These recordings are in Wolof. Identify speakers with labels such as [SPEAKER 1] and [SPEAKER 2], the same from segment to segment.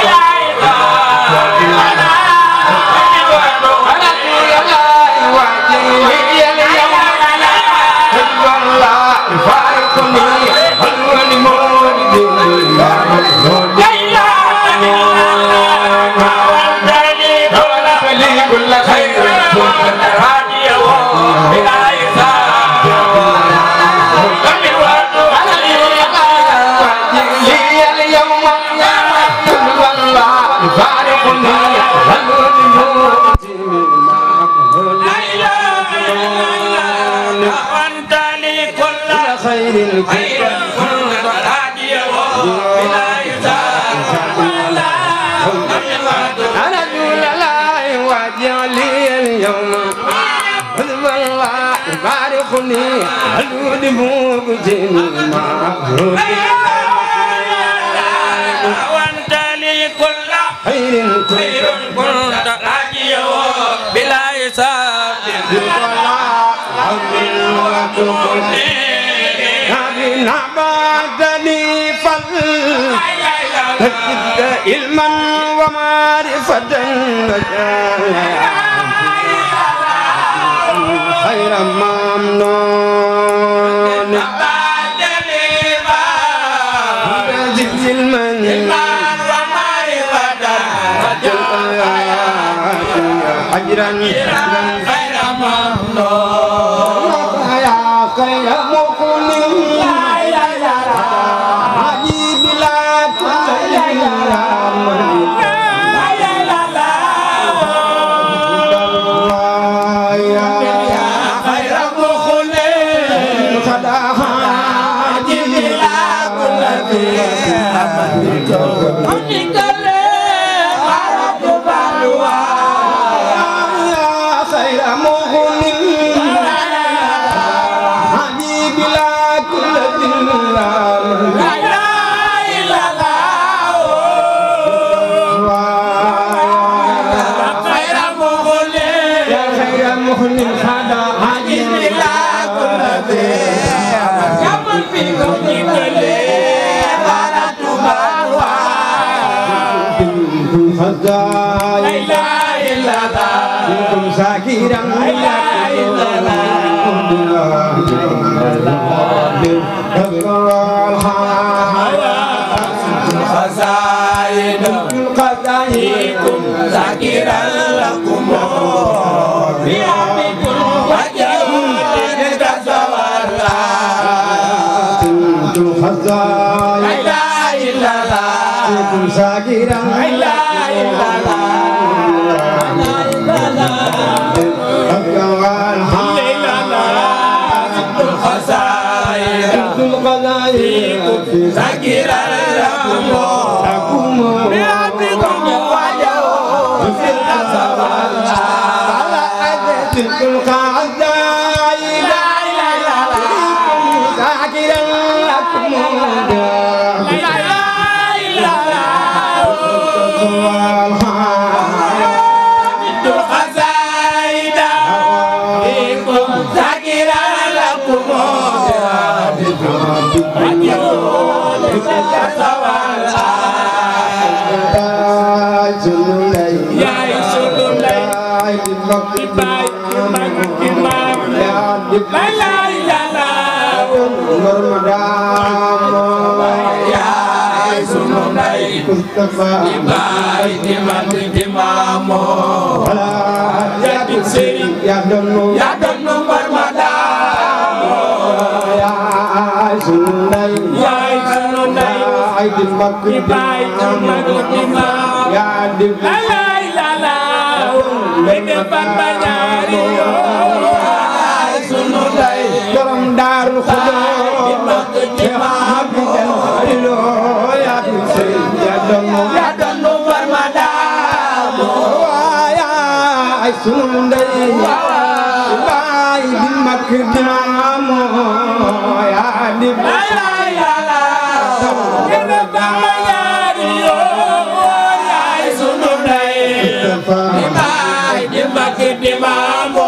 [SPEAKER 1] Yeah. الجن معبود وانت لي كل خير خير كنت راجيه بلا حساب بلا عمل وكفر نبي نبادني فل تجد علما ومعرفة خير ممنون علما ومعرفة أجرا منكم فضاء لا اله الا الله منكم شاكرا لا اله الا الله خزائنكم شاكرا لكم بأمكم وجهكم تزور الله خزائن شاكرا لا اله الا الله شاكرا لكم لكم بأرضكم وجهه في الأسرى على أدنى القاعة Yaa di la la la, me ne fa ba ñaari yoo lay borom daaru xudoo te maam bi jal xariloo yaa bi sey yaa donnu yaa donnu war ma daamu waayaay sunu ndey baay bi makk dinaamu yaa di laay yàlla gëna bamba yaari yoo yaay sunu ndey di baay di makk dinaamu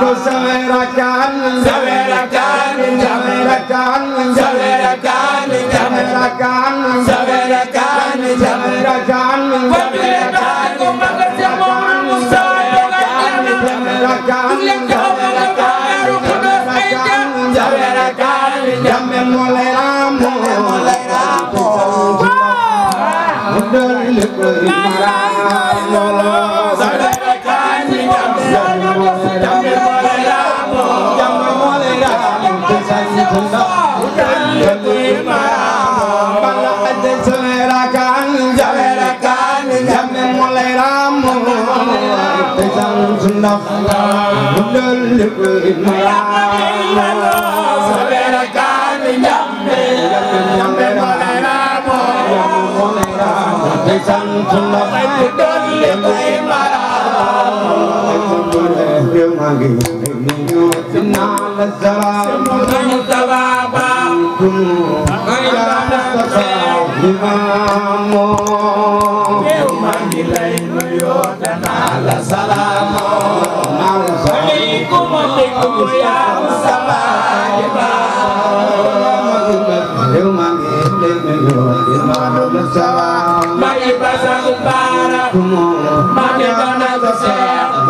[SPEAKER 1] ko sawera kan sawera kan sawera kan sawera kan sawera kan sawera kan sawera kan sawera kan Jamme mulai ramu, mulai ramu, mulai ramu, mulai ramu, واخلق من الإيمان Imam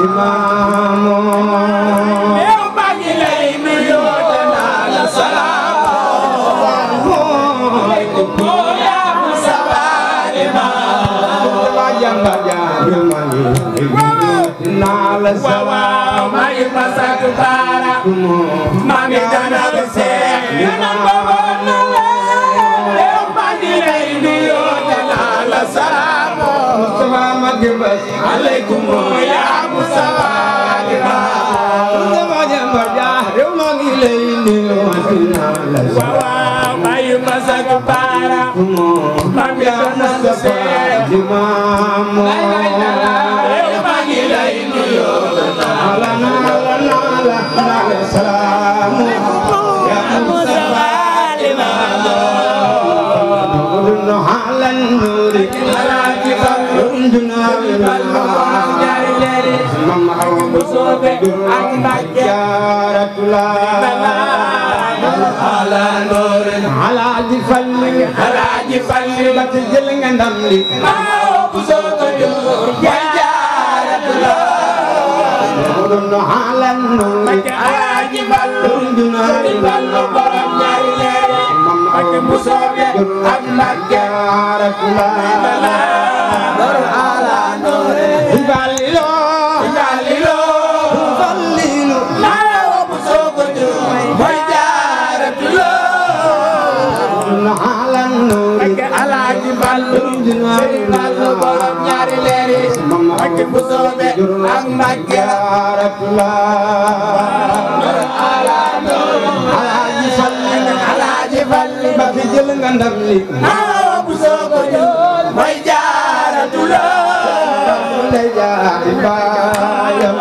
[SPEAKER 1] Imam waaw maa ngi masak baara maa ngi daanal seex yu na ko woon na la yow maa ngi lay nuyoo danaa la salaamu sama mag bas aleykum yaa Mustafa sama jàmbar ja yow maa ngi lay nuyoo danaa la salaamu waaw maa ngi masak baara ya Mustafa Limaamu maa ngi lay nuyu alana alana alana salaamu ya Mustafa Limaamu nuurun ala nuuri ala kibar ala noorin ala ji falli ala ba ci jël nga li maa ëpp soo ko jóor jaay jaarat la noonu ala noorin ala ji fallu sëriñ fallu borom ñaari leer noorin falli loo loo sëriñ laal la borom ñaari leer yi ak bu soobe ak mbàkke alaaji falli ba fi jël nga ndam li naawa bu soo ko jël may jaaratu la lay jaari baayam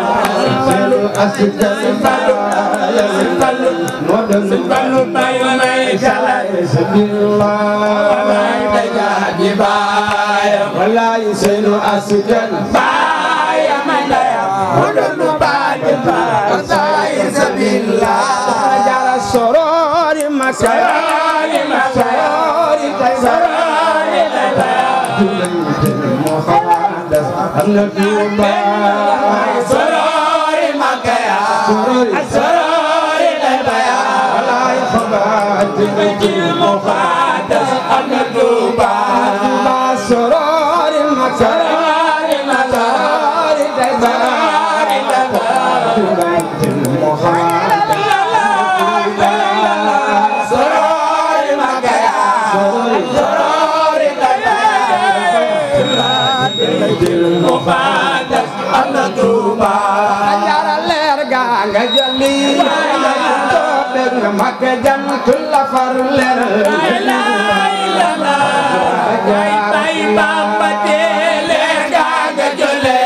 [SPEAKER 1] seelu asidani baayam fallu moo doon fallu bayu may jalaay sabillah di baaya wallaay seenu askan baaya may laya mu dund baadi baaya wallaay sabillah jara sorori masarori masarori tay sorori tay baaya muhammadas annabi baaya sorori makaya sorori tay baaya wallaay khabat bi muqaddas annabi barke jantu la far leer la la la ay bay bamba te leer gaaga jole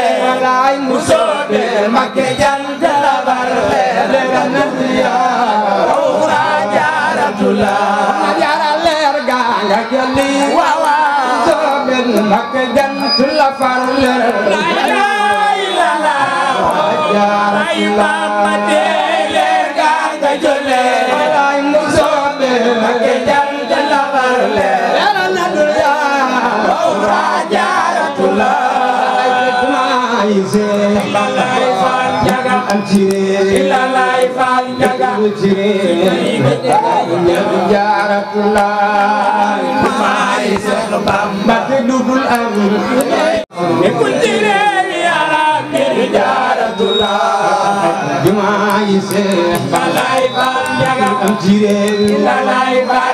[SPEAKER 1] lay musobe makke jantu la far leer la na ya ora jaratula jara leer gaaga jole wa wa musobe makke jantu la far leer la la la ay bamba Jire la lay ba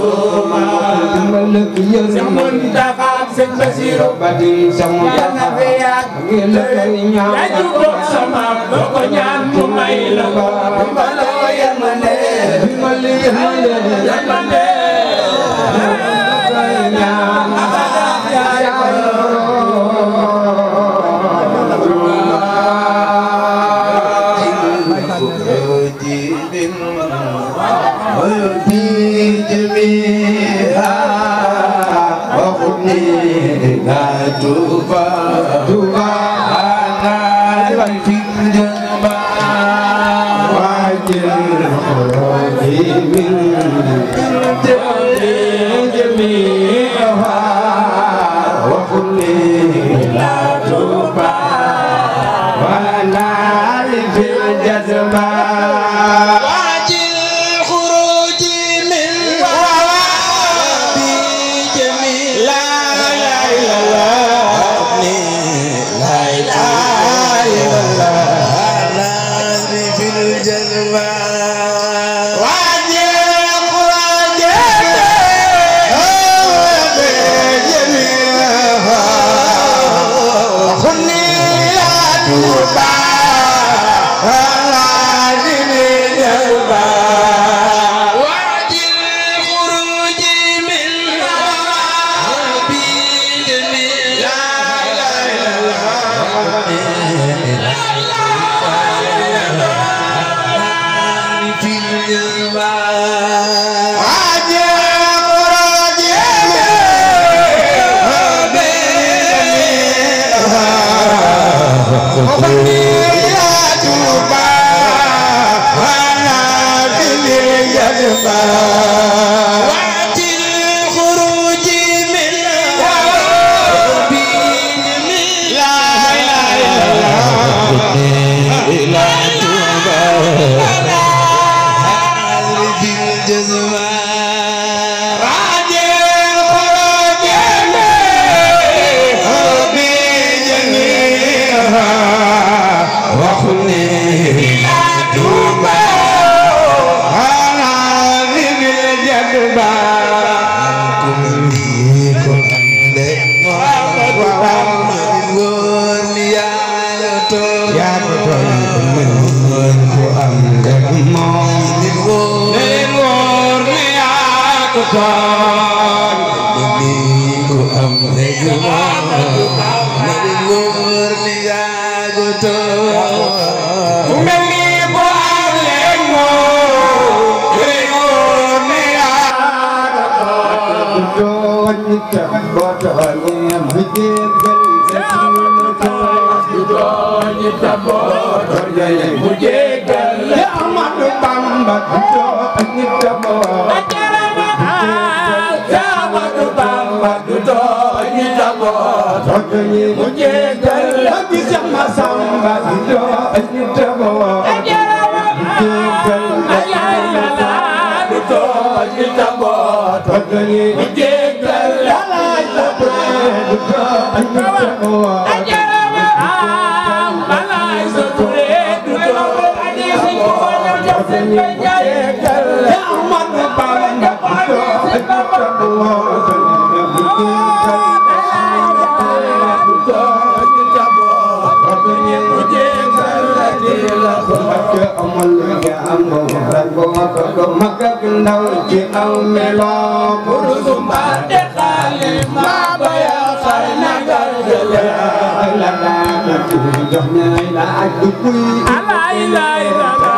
[SPEAKER 1] a a a Yàlla mu jégal la bi Cheikh Massamba di doon ñu taboo mu jégal la bi doon ñu taboo toggali mu jégal la la bu doon ñu taboo ak bu mag ak bu mag ak ndaw ci aw meloom. kurusu mbaa de xaali mbaa baya xar nagal jële. la la ci jox na la ak du kuy. alaay laay la la.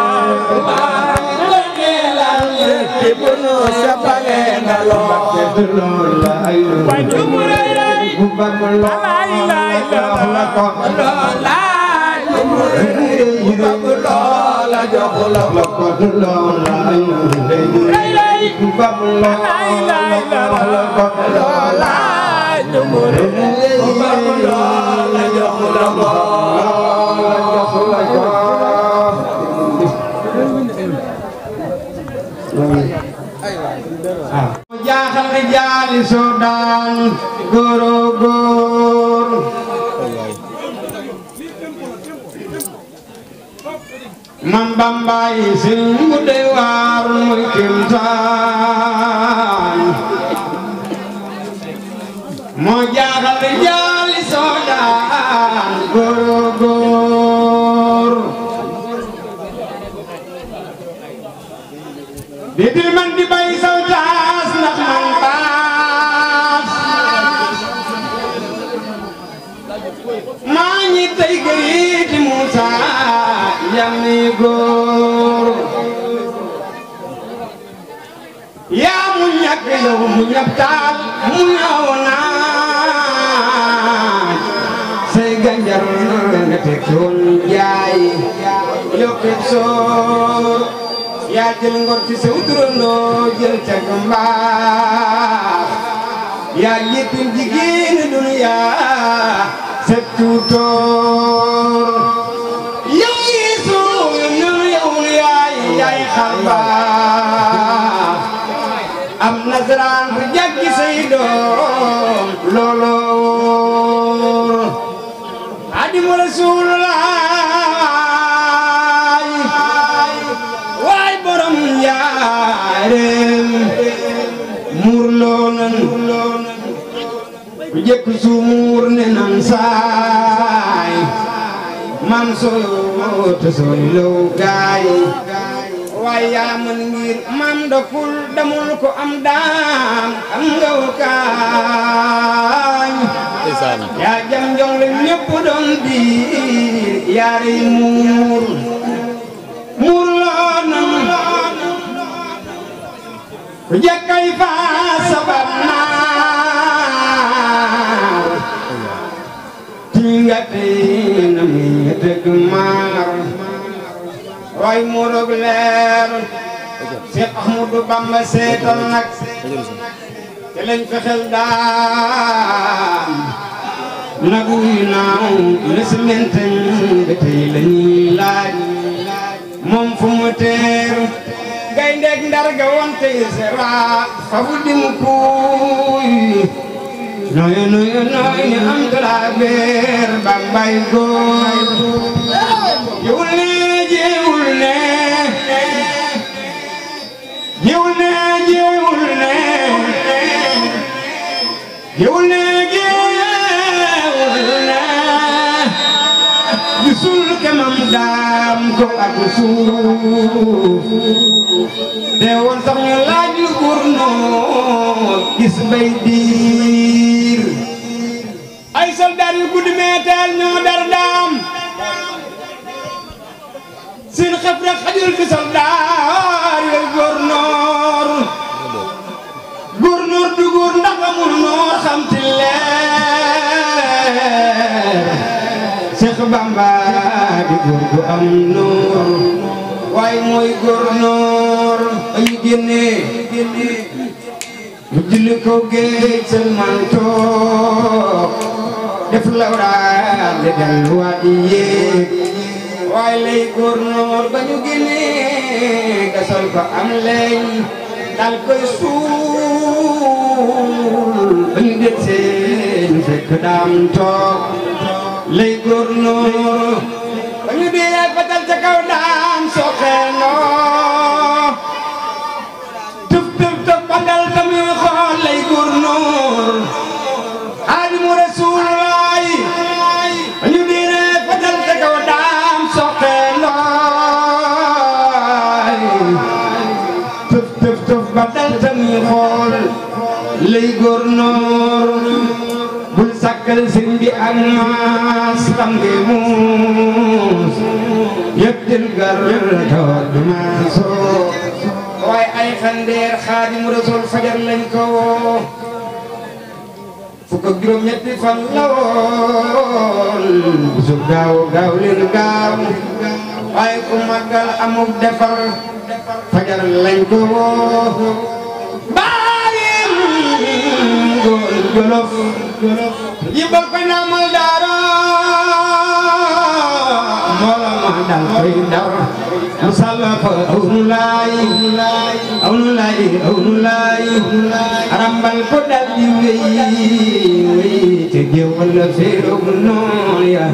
[SPEAKER 1] maa la ñuy laal ci bunu sa bale nga loo. lool la ay. waay ju mu rëy rëy. bu bag loo. alaay laay la la. lool laay. ju mu rëy rëy bu bag loo. la jox la bokk la jaaxal jaali Sudan guru mbaay sin mu dey waar muy kimtaan moo jaaxal jaali soodaan góor góor di di man di bay sawtaas ndax man baas maa ñi tey gëriiti Muusaa yam ni góor yow muñaptaal mu ñaaw naa say ganjar nga tekkoon jaay yokkib soo yaa jël ngor ci sew turandoo jël cag mbaax yaa jittin jigéeni duniyaa set tuutoor nasaraan du jàkki say doom loolo xaadimu rasuulullaay waay borom yaareem muur loo nan bu jëkk ne nan saay man sooy woote sooy low gaay a yaa mën ngir maam doful damul ko am daam am nga yaa jam jong la ñëpp doon biir yaari muur muur loo nan ku jekkay faa sabab naa tii nga tey na muy dëgg maa roy mu rog leerul Seex Ahmadu Bamba seetal nag te lañ fexel daan nag wuy naaw lësmentañ ba tey lañuy laaj moom fu mu teeru gayndeeg ndar ga wante sera fa bu dimu kuuy nuyu nuyu nuyu ñu am tolluwaay biir bambay góor jiwul ne jiwul ne jiwul ne jiwul ne jiwul ne jiwul ne gisul kemam daam ko ak suuf te woon sax ñu laaj lu góor noonu gis mbay di. sol dar yu guddi meeteel daar yooyu góor noor góor noor du góor ndax amul noor xam ci leer Cheikh Bamba di góor am noor waaye mooy góor noor ay génnee génnee bu julli ko def lawraam di delluwaat yéeg waaye lay góornoor ba ñu génnee gasal ko am leñ dal koy suul bañ det seen fekk daam toog lay góornoor ba ñu dee ba dal ca kaw daam soxee noo tëf tëf tëf ba dal tamit xool lay góornoor سن بي انا اسلم موس يدن غرد واي اي خندير خادم رسول فجر لنكو fukk ak juróom ñetti fan la woon bisu gaaw yi bokk na muy daara mbooloo ma dal koy dar mu sàlla fa awnu laay awnu laay awnu laay arambal ko dal di wéy wéy te géewal la féeroog noon ya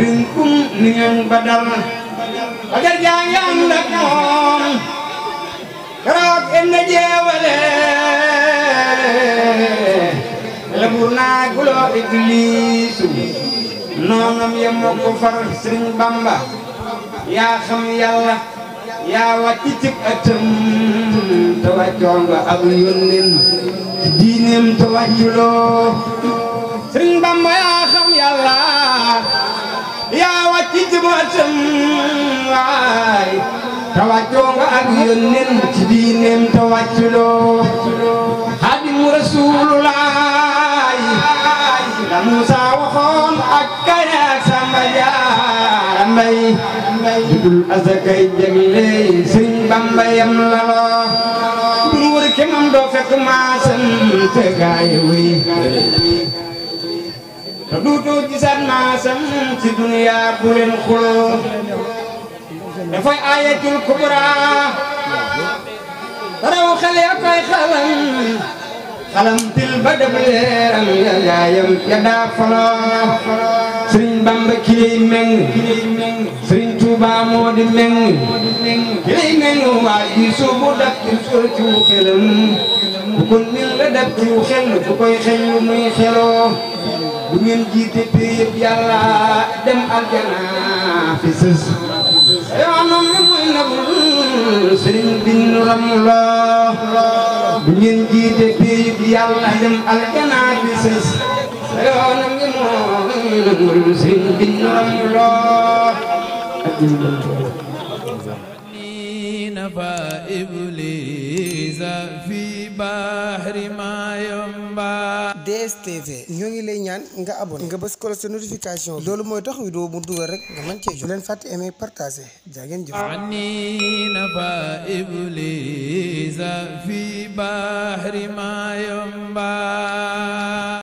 [SPEAKER 1] rinkum ni ngeen ba dal wajar jaa ngi ànd ak moom keroog en na jeewale bu naaguloo ibliisu noonam ya moo ko far sëriñ yaa xam yàlla yaa wàcc ci ëttam te wàccoo nga ab yónneen diineem te wàcciloo sëriñ bamba yaa xam yàlla yaa wàcc waay te wàccoo nga ab yónneen ci diineem te wàcciloo may a asakay jagle sëñ Bamba yam laloo bul wër kemam doo fekk maasan te gaay wi te duutoo gisaat maasam ci dunya bu leen xuloo dafay ayatul kubra raw xale ya koy xalam xalamtil ba def leeram ya yaayam ya daa faloo bamba ki lay meng sëriñ tuuba moo di meng ki meng waa ji suubu daf ci ci wu xelam bu ko la daf ci wu xel bu koy xel lu muy xeloo bu ngeen jiite pé yëpp dem aljana fi sëriñ bi ñu xam loo bu ngeen jiite pay bi yàlla dem aljana bi sës yoonam ngi moom sëriñ bi ñu xam loo fa iblisa fi bahri mayomba DSTV ñoo ngi lay ñaan nga abonné nga bës ko sa notification loolu mooy tax vidéo mu dugal rek nga mën cee jox leen fàtte aimer partager jaa ngeen fa iblisa fi